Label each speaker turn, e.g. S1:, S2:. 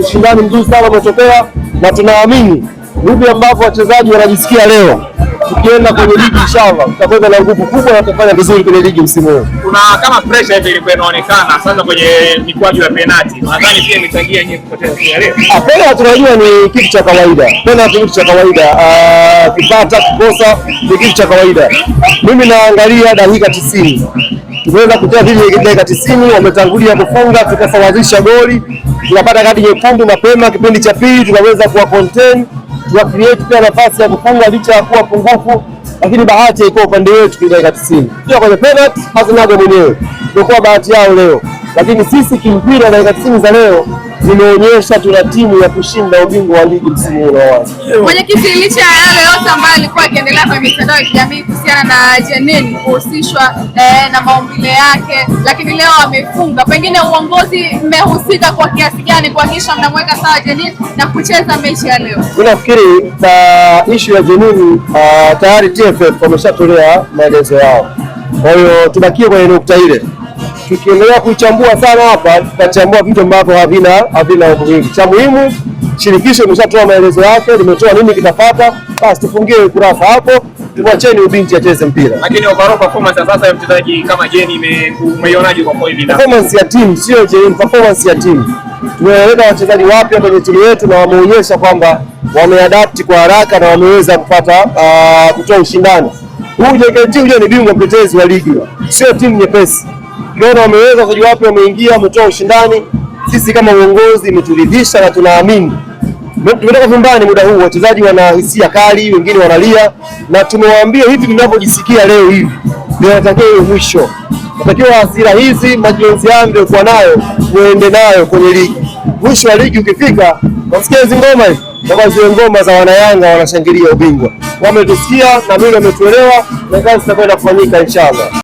S1: Ushindani mzuri sana umetokea na tunaamini hivi ambavyo wachezaji wanajisikia leo tukienda kwenye ligi inshallah tutakwenda na nguvu kubwa na tutafanya vizuri kwenye ligi msimu huu.
S2: Kuna kama pressure hivi ilikuwa inaonekana sasa kwenye mikwaju ya penalti. Nadhani pia imechangia nyinyi kupoteza pia leo.
S1: Ah, penalti tunajua ni kitu cha kawaida. Penalti ni kitu cha kawaida. Ah, kipata kukosa ni kitu cha kawaida. Mimi naangalia dakika 90. Tumeweza kutoa hivi dakika 90, wametangulia kufunga, tukasawazisha goli, tunapata kadi nyekundu mapema kipindi cha pili, tunaweza kuwa contain tuwafilieti pia nafasi ya kufunga licha ya kuwa pungufu, lakini bahati iko upande wetu. Dakika 90 pia kwenye penalty hazinaga mwenyewe, ndio bahati yao leo lakini sisi kimpira katika tisini za leo zimeonyesha tuna timu ya kushinda ubingwa wa ligi msimu huu unaoanza.
S3: Mwenyekiti, licha ya yale yote ambayo alikuwa akiendelea kwenye mitandao ya kijamii kuhusiana na Jenin kuhusishwa eh, na maumbile yake, lakini leo amefunga, pengine uongozi mmehusika kwa kiasi gani kuhakikisha mnamweka sawa Jenin na kucheza mechi ya leo?
S1: Nafikiri uh, ishu ya Jenin uh, tayari TFF wameshatolea maelezo yao, kwa hiyo tubakie kwenye nukta ile tukiendelea kuchambua sana hapa tutachambua vitu ambavyo havina havina umuhimu. Cha muhimu, shirikisho limeshatoa maelezo yake, limetoa nini kitapata. Basi tufungie ukurasa hapo, tuwacheni ubinti acheze mpira.
S2: Lakini overall performance sasa ya mchezaji kama Jeni, umeionaje kwa kweli?
S1: Performance ya timu sio Jeni, performance ya timu. Tumeweka wachezaji wapya kwenye timu yetu na wameonyesha kwamba wameadapti kwa haraka na wameweza kupata ah, kutoa ushindani. Huyu JKT ni bingwa mtetezi wa ligi, sio timu nyepesi. Tumeona wameweza kujua wapi wameingia, wametoa ushindani. Sisi kama uongozi imeturidhisha na tunaamini tumetoka vyumbani muda huu, wachezaji wana hisia kali, wengine wanalia, na tumewaambia hivi mnavyojisikia leo hivi ndio natakiwa iwe mwisho. Natakiwa hasira hizi, majonzi haya mliokuwa nayo muende nayo kwenye ligi. Mwisho wa ligi ukifika, wasikia hizi ngoma hizi kama zile ngoma za wanayanga wanashangilia ubingwa. Wametusikia na mimi wametuelewa, na kazi zitakwenda kufanyika inshallah.